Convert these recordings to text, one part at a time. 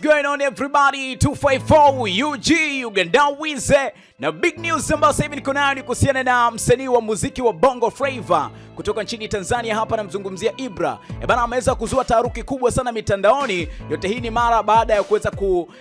going on everybody? 254 UG Uganda Wize Na big news ambayo sasa hivi niko nayo ni kuhusiana na msanii wa muziki wa Bongo Flava kutoka nchini Tanzania, hapa namzungumzia Ibra. E bana, ameweza kuzua taharuki kubwa sana mitandaoni. Yote hii ni mara baada ya kuweza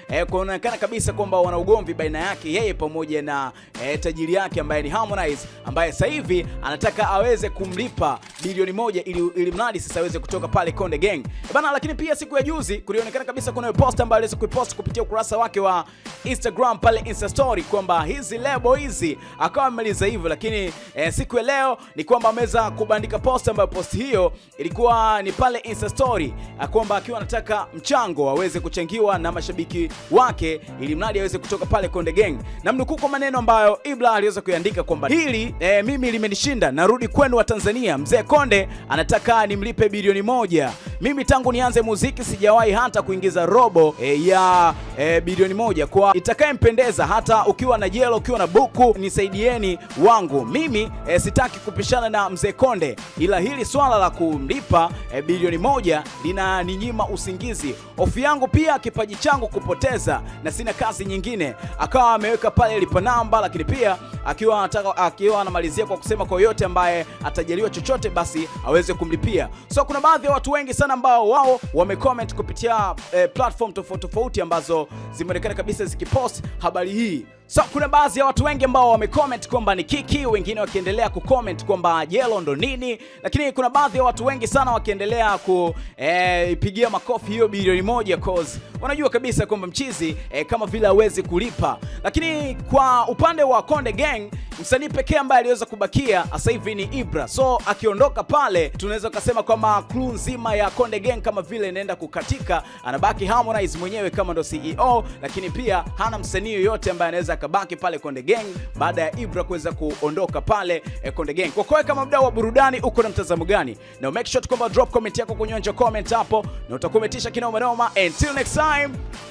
eh, kuonekana eh, kabisa kwamba wana ugomvi baina yake yeye pamoja na eh, tajiri yake ambaye ni Harmonize, ambaye sasa hivi anataka aweze kumlipa bilioni moja ili, ili mradi sasa aweze kutoka pale Konde Gang. E bana, lakini pia siku ya juzi kulionekana kabisa kuna post ambayo aliweza kuipost kupitia ukurasa wake wa Instagram pale Insta story kwamba his lebo hizi, akawa ameliza hivyo. Lakini eh, siku ya leo ni kwamba ameweza kubandika post ambayo post hiyo ilikuwa ni pale Insta story kwamba akiwa anataka mchango aweze kuchangiwa na mashabiki wake ili mradi aweze kutoka pale Konde Gang, na mnukuu kwa maneno ambayo Ibra aliweza kuandika kwamba hili eh, mimi limenishinda, narudi kwenu wa Tanzania. Mzee Konde anataka nimlipe bilioni moja mimi tangu nianze muziki sijawahi hata kuingiza robo e, ya e, bilioni moja kwa itakayempendeza. Hata ukiwa na jelo, ukiwa na buku, nisaidieni wangu mimi e, sitaki kupishana na mzee Konde, ila hili swala la kumlipa e, bilioni moja linaninyima usingizi. Hofu yangu pia kipaji changu kupoteza, na sina kazi nyingine. Akawa ameweka pale lipa namba, lakini pia akiwa anataka akiwa anamalizia kwa kusema kwa yote ambaye atajaliwa chochote basi aweze kumlipia. So kuna baadhi ya watu wengi sana sana ambao wao wamecomment kupitia eh, platform tofauti tofauti ambazo zimeonekana kabisa zikipost habari hii. So kuna baadhi ya watu wengi ambao wamecomment kwamba ni kiki, wengine wakiendelea kucomment kwamba yellow ndo nini, lakini kuna baadhi ya watu wengi sana wakiendelea kuipigia eh, e, makofi hiyo bilioni moja cause wanajua kabisa kwamba mchizi e, kama vile hawezi kulipa. Lakini kwa upande wa Konde Gang, msanii pekee ambaye aliweza kubakia sasa hivi ni Ibra. So akiondoka pale, tunaweza kusema kwamba crew nzima ya Konde Gang kama vile inaenda kukatika, anabaki Harmonize mwenyewe kama ndo CEO, lakini pia hana msanii yoyote ambaye anaweza akabaki pale Konde Gang baada ya Ibra kuweza kuondoka pale eh, Konde Gang. Kwa kweli kama mdau wa burudani uko na mtazamo gani? Na make sure tukomba drop comment yako kwenye comment hapo na utakometisha kinoma noma. Until next time.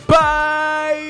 Bye.